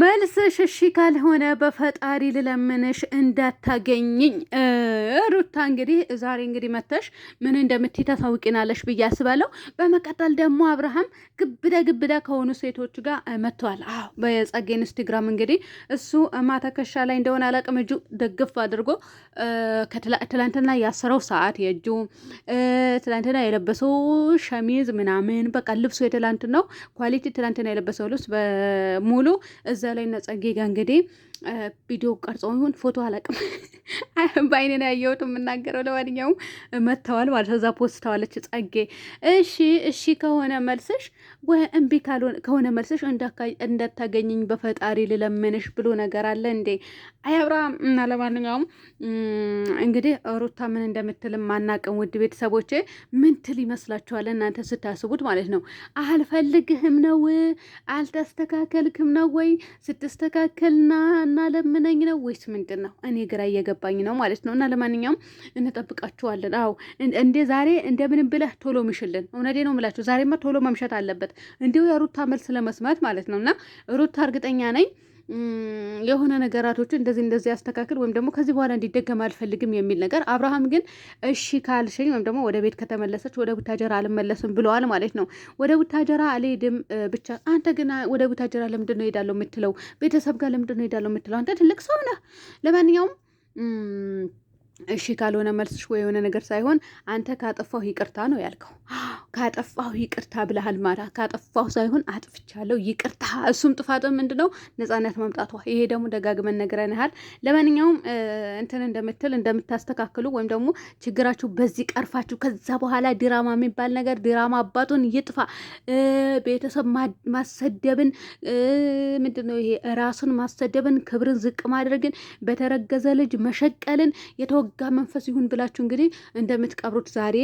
መልስሽ እሺ ካልሆነ በፈጣሪ ልለምንሽ እንዳታገኝኝ። ሩታ እንግዲህ ዛሬ እንግዲህ መተሽ ምን እንደምትይ ታሳውቂናለሽ ብዬ አስባለሁ። በመቀጠል ደግሞ አብርሃም ግብደ ግብደ ከሆኑ ሴቶች ጋር መጥተዋል። አዎ በጸጌ ኢንስታግራም እንግዲህ እሱ ማተከሻ ላይ እንደሆነ አላቅም እጁ ደግፍ አድርጎ ትላንትና ያሰረው ሰዓት የእጁ ትላንትና የለበሰው ሸሚዝ ምናምን በቃ ልብሱ ነው ኳሊቲ ትላንትና የለበሰው ልብስ በሙሉ በዛ ላይ እና ጸጌ ጋ እንግዲህ ቪዲዮ ቀርጾ ይሁን ፎቶ አላውቅም በአይኔ ያየሁት የምናገረው። ለማንኛውም መጥተዋል ማለት ከዛ ፖስተዋለች ጸጌ። እሺ እሺ ከሆነ መልስሽ እምቢ ከሆነ መልስሽ እንዳታገኝኝ በፈጣሪ ልለምንሽ ብሎ ነገር አለ እንዴ? አይ አብርሃም እና ለማንኛውም እንግዲህ ሩታ ምን እንደምትልም አናቅም። ውድ ቤተሰቦቼ ምን ትል ይመስላችኋል እናንተ ስታስቡት ማለት ነው። አልፈልግህም ነው አልተስተካከልክም ነው ወይ ስትስተካከልና እና ለምነኝ ነው ወይስ ምንድን ነው? እኔ ግራ እየገባ ስለገባኝ ነው ማለት ነው። እና ለማንኛውም እንጠብቃችኋለን። አዎ እንዴ ዛሬ እንደምንም ብለህ ቶሎ ምሽልን። እውነዴ ነው የምላችሁ፣ ዛሬማ ቶሎ መምሸት አለበት እንዲሁ የሩታ መልስ ለመስማት ማለት ነው። እና ሩታ እርግጠኛ ነኝ የሆነ ነገራቶችን እንደዚህ እንደዚህ ያስተካክል ወይም ደግሞ ከዚህ በኋላ እንዲደገም አልፈልግም የሚል ነገር። አብርሃም ግን እሺ ካልሽኝ ወይም ደግሞ ወደ ቤት ከተመለሰች ወደ ቡታጀራ አልመለስም ብለዋል ማለት ነው። ወደ ቡታጀራ አልሄድም ብቻ። አንተ ግን ወደ ቡታጀራ ለምንድን ነው ሄዳለሁ የምትለው? ቤተሰብ ጋር ለምንድን ነው ሄዳለሁ የምትለው? አንተ ትልቅ ሰው ነህ። ለማንኛውም 嗯。እሺ ካልሆነ መልስሽ ወይ የሆነ ነገር ሳይሆን አንተ ካጠፋሁ ይቅርታ ነው ያልከው። ካጠፋሁ ይቅርታ ብለሃል። ማራ ካጠፋሁ ሳይሆን አጥፍቻለሁ ይቅርታ። እሱም ጥፋት ምንድን ነው? ነጻነት መምጣቷ። ይሄ ደግሞ ደጋግመን ነግረንሃል። ለማንኛውም እንትን እንደምትል እንደምታስተካክሉ ወይም ደግሞ ችግራችሁ በዚህ ቀርፋችሁ ከዛ በኋላ ድራማ የሚባል ነገር ድራማ አባቱን ይጥፋ። ቤተሰብ ማሰደብን ምንድን ነው ይሄ ራሱን ማሰደብን፣ ክብርን ዝቅ ማድረግን፣ በተረገዘ ልጅ መሸቀልን የተወ በወጋ መንፈስ ይሁን ብላችሁ እንግዲህ እንደምትቀብሩት ዛሬ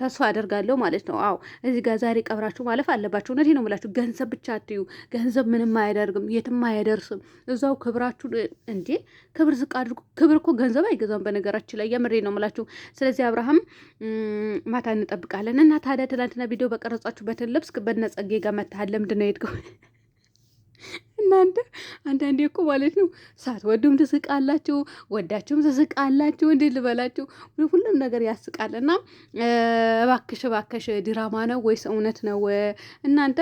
ተስፋ አደርጋለሁ ማለት ነው። አዎ እዚህ ጋር ዛሬ ቀብራችሁ ማለፍ አለባችሁ። እውነቴን ነው የምላችሁ። ገንዘብ ብቻ አትዩ። ገንዘብ ምንም አያደርግም፣ የትም አያደርስም። እዛው ክብራችሁ እንዴ ክብር ዝቅ አድርጉ። ክብር እኮ ገንዘብ አይገዛም። በነገራችን ላይ የምሬ ነው የምላችሁ። ስለዚህ አብርሃም ማታ እንጠብቃለን እና ታዲያ ትናንትና ቪዲዮ በቀረጻችሁበትን ልብስ በነጸጌ ጋር መታሃል። ለምንድን ነው የሄድከው? እናንተ አንዳንዴ እኮ ማለት ነው ሳትወዱም ትስቃላችሁ፣ ወዳችሁም ትስቃላችሁ። እንዴ ልበላችሁ፣ ሁሉም ነገር ያስቃል። እና እባክሽ እባክሽ ድራማ ነው ወይስ እውነት ነው? እናንተ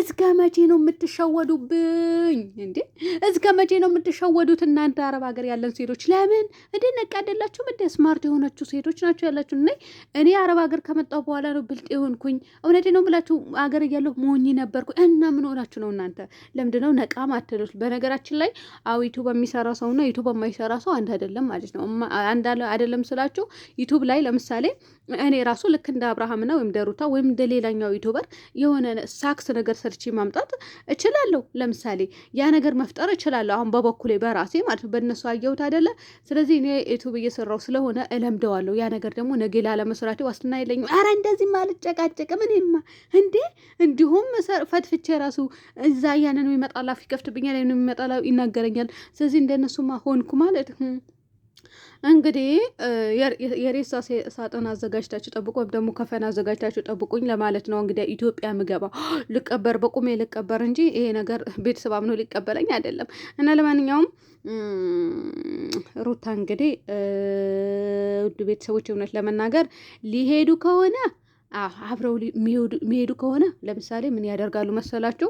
እስከ መቼ ነው የምትሸወዱብኝ? እንዴ እስከ መቼ ነው የምትሸወዱት እናንተ? አረብ ሀገር ያለን ሴቶች ለምን እንዴ ነቅ ያደላችሁም? እንዴ? ስማርት የሆነችው ሴቶች ናቸው ያላችሁ። እና እኔ አረብ ሀገር ከመጣሁ በኋላ ነው ብልጥ የሆንኩኝ። እውነቴ ነው ብላችሁ አገር እያለሁ ሞኝ ነበርኩ። እና ምን ሆናችሁ ነው እናንተ? ለምንድነው ነቅ እቃም አትሉት። በነገራችን ላይ አው ዩቱብ የሚሰራ ሰውና ዩቱብ የማይሰራ ሰው አንድ አይደለም ማለት ነው። አንድ አይደለም ስላችሁ ዩቱብ ላይ ለምሳሌ እኔ ራሱ ልክ እንደ አብርሃምና ወይም ደሩታ ወይም እንደ ሌላኛው ዩቱበር የሆነ ሳክስ ነገር ሰርች ማምጣት እችላለሁ። ለምሳሌ ያ ነገር መፍጠር እችላለሁ። አሁን በበኩሌ በራሴ ማለት ነው። በእነሱ አየሁት አይደለ? ስለዚህ እኔ ዩቱብ እየሰራው ስለሆነ እለምደዋለሁ። ያ ነገር ደግሞ ነገ ላለመስራቴ ዋስትና የለኝም። አረ እንደዚህ አልጨቃጨቅም እኔማ እንዴ! እንዲሁም ፈትፍቼ ራሱ እዛ ያንን ይመጣላ አፍ ይከፍትብኛል፣ ይሄን የሚመጣላው ይናገረኛል። ስለዚህ እንደነሱማ ሆንኩ ማለት እንግዲህ የሬሳ ሳጥን አዘጋጅታችሁ ጠብቁ፣ ወይም ደግሞ ከፈን አዘጋጅታችሁ ጠብቁኝ ለማለት ነው። እንግዲህ ኢትዮጵያ ምገባ ልቀበር በቁሜ ልቀበር እንጂ ይሄ ነገር ቤተሰብ አምኖ ሊቀበለኝ አይደለም። እና ለማንኛውም ሩታ እንግዲህ ውድ ቤተሰቦች እውነት ለመናገር ሊሄዱ ከሆነ አብረው የሚሄዱ ከሆነ ለምሳሌ ምን ያደርጋሉ መሰላችሁ?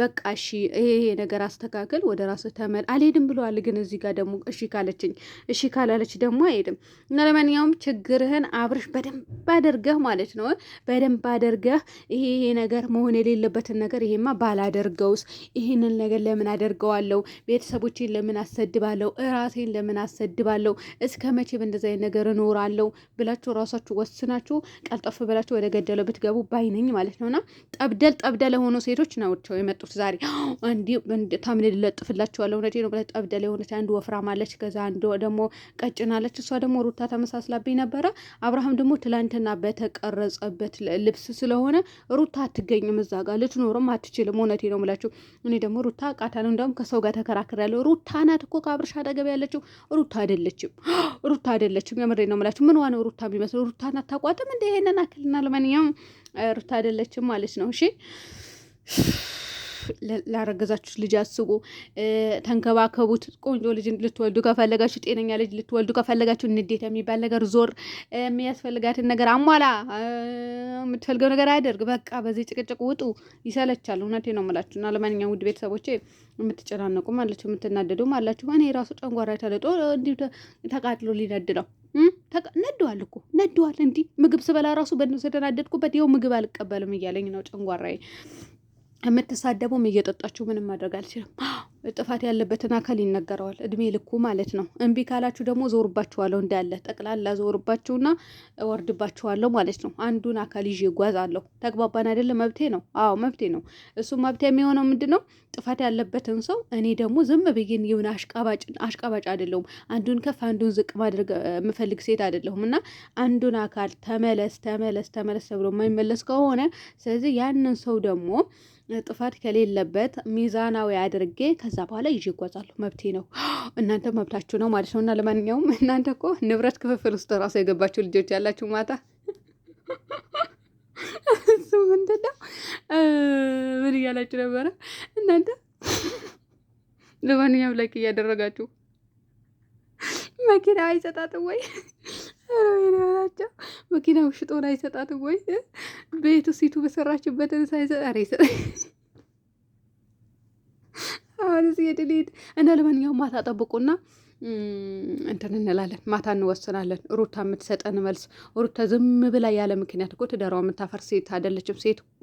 በቃ እሺ ይሄ ነገር አስተካከል፣ ወደ ራስ ተመል አልሄድም ብለዋል። ግን እዚህ ጋር ደግሞ እሺ ካለችኝ እሺ ካላለች ደግሞ አይሄድም እና ለማንኛውም ችግርህን አብርሽ በደንብ አደርገህ ማለት ነው በደንብ አደርገህ ይሄ ይሄ ነገር መሆን የሌለበትን ነገር ይሄማ ባላደርገውስ፣ ይህንን ነገር ለምን አደርገዋለሁ? ቤተሰቦቼን ለምን አሰድባለሁ? እራሴን ለምን አሰድባለሁ? እስከ መቼ በእንደዚ አይነት ነገር እኖራለሁ ብላችሁ ራሳችሁ ወስናችሁ ቀልጠፍ አርፋችሁ በላችሁ ወደ ገደለው ብትገቡ ባይነኝ ማለት ነውና ጠብደል ጠብደል የሆኑ ሴቶች ናቸው የመጡት ዛሬ። እንዲ ታምን ለጥፍላችኋለሁ። እውነቴ ነው። ጠብደል የሆነች አንድ ወፍራም አለች፣ ከዛ አንድ ደግሞ ቀጭን አለች። እሷ ደግሞ ሩታ ተመሳስላብኝ ነበረ። አብርሃም ደግሞ ትላንትና በተቀረጸበት ልብስ ስለሆነ ሩታ አትገኝም እዛ ጋር ልትኖርም አትችልም። እውነቴ ነው የምላችሁ። እኔ ደግሞ ሩታ ቃታ ነው። ከሰው ጋር ተከራክሬያለሁ። ሩታ ናት እኮ ከአብርሻ አጠገብ ያለችው ሩታ አይደለችም። ሩታ አይደለችም። የምሬ ነው የምላችሁ። ምንዋ ነው ሩታ የሚመስለው ሩታን አታቋጥም እንደ ይሄንን ይስተካከልና ለማንኛውም ሩታ አይደለችም ማለት ነው። እሺ ላረገዛችሁ ልጅ አስቡ፣ ተንከባከቡት። ቆንጆ ልጅ ልትወልዱ ከፈለጋችሁ፣ ጤነኛ ልጅ ልትወልዱ ከፈለጋችሁ፣ ንዴት የሚባል ነገር ዞር፣ የሚያስፈልጋትን ነገር አሟላ፣ የምትፈልገው ነገር አያደርግ። በቃ በዚህ ጭቅጭቅ ውጡ፣ ይሰለቻል። እውነቴ ነው የምላችሁ። እና ለማንኛውም ውድ ቤተሰቦቼ የምትጨናነቁም አላችሁ፣ የምትናደዱም አላችሁ። እኔ ራሱ ጨንጓራ ተለጦ እንዲሁ ተቃጥሎ ሊነድ ነው። ነደዋል እኮ ነደዋል። እንዲህ ምግብ ስበላ ራሱ ስለተናደድኩበት ይኸው ምግብ አልቀበልም እያለኝ ነው ጨንጓራዬ። የምትሳደቡም እየጠጣችሁ ምንም ማድረግ አልችልም። ጥፋት ያለበትን አካል ይነገረዋል። እድሜ ልኩ ማለት ነው። እምቢ ካላችሁ ደግሞ ዞርባችኋለሁ እንዳለ ጠቅላላ ዞርባችሁና ወርድባችኋለሁ ማለት ነው። አንዱን አካል ይዤ እጓዛለሁ። ተግባባን አይደለ? መብቴ ነው። አዎ መብቴ ነው። እሱ መብቴ የሚሆነው ምንድን ነው? ጥፋት ያለበትን ሰው እኔ ደግሞ ዝም ብዬን የሆነ አሽቃባጭ አይደለሁም። አንዱን ከፍ አንዱን ዝቅ ማድረግ የምፈልግ ሴት አይደለሁም። እና አንዱን አካል ተመለስ ተመለስ ተመለስ ተብሎ የማይመለስ ከሆነ ስለዚህ ያንን ሰው ደግሞ ጥፋት ከሌለበት ሚዛናዊ አድርጌ ከዛ በኋላ ይዤ እጓዛለሁ። መብቴ ነው፣ እናንተ መብታችሁ ነው ማለት ነው። እና ለማንኛውም እናንተ እኮ ንብረት ክፍፍል ውስጥ ራሱ የገባችሁ ልጆች ያላችሁ ማታ እሱ ምንድን ነው ምን እያላችሁ ነበረ እናንተ? ለማንኛውም ላይክ እያደረጋችሁ መኪና አይሰጣትም ወይ? ኧረ ወይ መኪናው ሽጦን አይሰጣትም ወይ? ቤቱ ሲቱ በሰራችበት ይሰጠ አሁን እዚህ የድሌት እና ለማንኛውም ማታ ጠብቁና እንትን እንላለን። ማታ እንወስናለን። ሩታ የምትሰጠን መልስ። ሩታ ዝም ብላ ያለ ምክንያት እኮ ትዳሯ የምታፈር ሴት አይደለችም።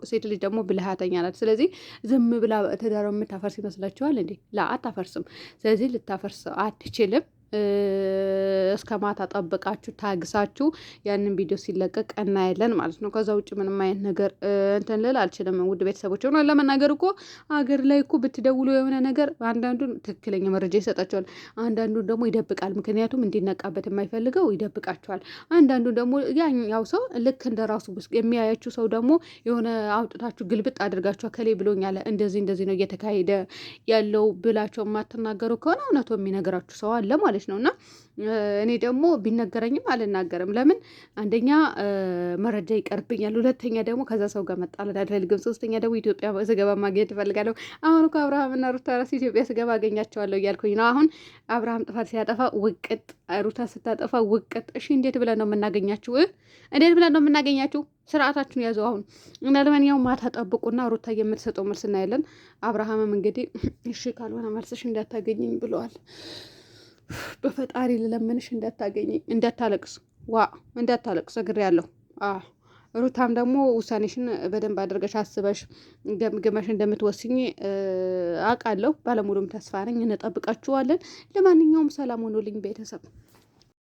ሴት ልጅ ደግሞ ብልሃተኛ ናት። ስለዚህ ዝም ብላ ትዳሯ የምታፈርስ ይመስላችኋል እንዴ? ላ አታፈርስም። ስለዚህ ልታፈርስ አትችልም። እስከ ማታ ጠብቃችሁ ታግሳችሁ ያንን ቪዲዮ ሲለቀቅ እናያለን ማለት ነው። ከዛ ውጭ ምንም አይነት ነገር እንትን ልል አልችልም። ውድ ቤተሰቦች ሆኖ ለመናገር እኮ አገር ላይ እኮ ብትደውሉ የሆነ ነገር አንዳንዱን ትክክለኛ መረጃ ይሰጣቸዋል፣ አንዳንዱን ደግሞ ይደብቃል። ምክንያቱም እንዲነቃበት የማይፈልገው ይደብቃቸዋል። አንዳንዱ ደግሞ ያኛው ሰው ልክ እንደ ራሱ የሚያያችው ሰው ደግሞ የሆነ አውጥታችሁ ግልብጥ አድርጋችሁ ከሌ ብሎኛል እንደዚህ እንደዚህ ነው እየተካሄደ ያለው ብላቸው የማትናገሩ ከሆነ እውነቱ የሚነግራችሁ ሰው አለ ማለት ነው እና እኔ ደግሞ ቢነገረኝም አልናገርም። ለምን አንደኛ መረጃ ይቀርብኛል፣ ሁለተኛ ደግሞ ከዛ ሰው ጋር መጣላት አልፈልግም፣ ሶስተኛ ደግሞ ኢትዮጵያ ስገባ ማግኘት እፈልጋለሁ። አሁን እኮ አብርሃምና ሩታ ራሱ ኢትዮጵያ ስገባ አገኛቸዋለሁ እያልኩኝ ነው። አሁን አብርሃም ጥፋት ሲያጠፋ ውቅጥ፣ ሩታ ስታጠፋ ውቅጥ። እሺ እንዴት ብለን ነው የምናገኛችሁ? እንዴት ብለን ነው የምናገኛችሁ? ስርዓታችሁን ያዘው። አሁን እና ለማንኛውም ማታ ጠብቁና ሩታ የምትሰጠው መልስ እናያለን። አብርሃምም እንግዲህ እሺ ካልሆነ መልስሽ እንዳታገኘኝ ብለዋል። በፈጣሪ ልለምንሽ እንዳታገኝ እንዳታለቅስ ዋ እንዳታለቅስ ያለው ሩታም ደግሞ ውሳኔሽን በደንብ አድርገሽ አስበሽ ገምግመሽ እንደምትወስኝ አውቃለሁ። ባለሙሉም ተስፋ ነኝ። እንጠብቃችኋለን። ለማንኛውም ሰላም ሆኖልኝ ቤተሰብ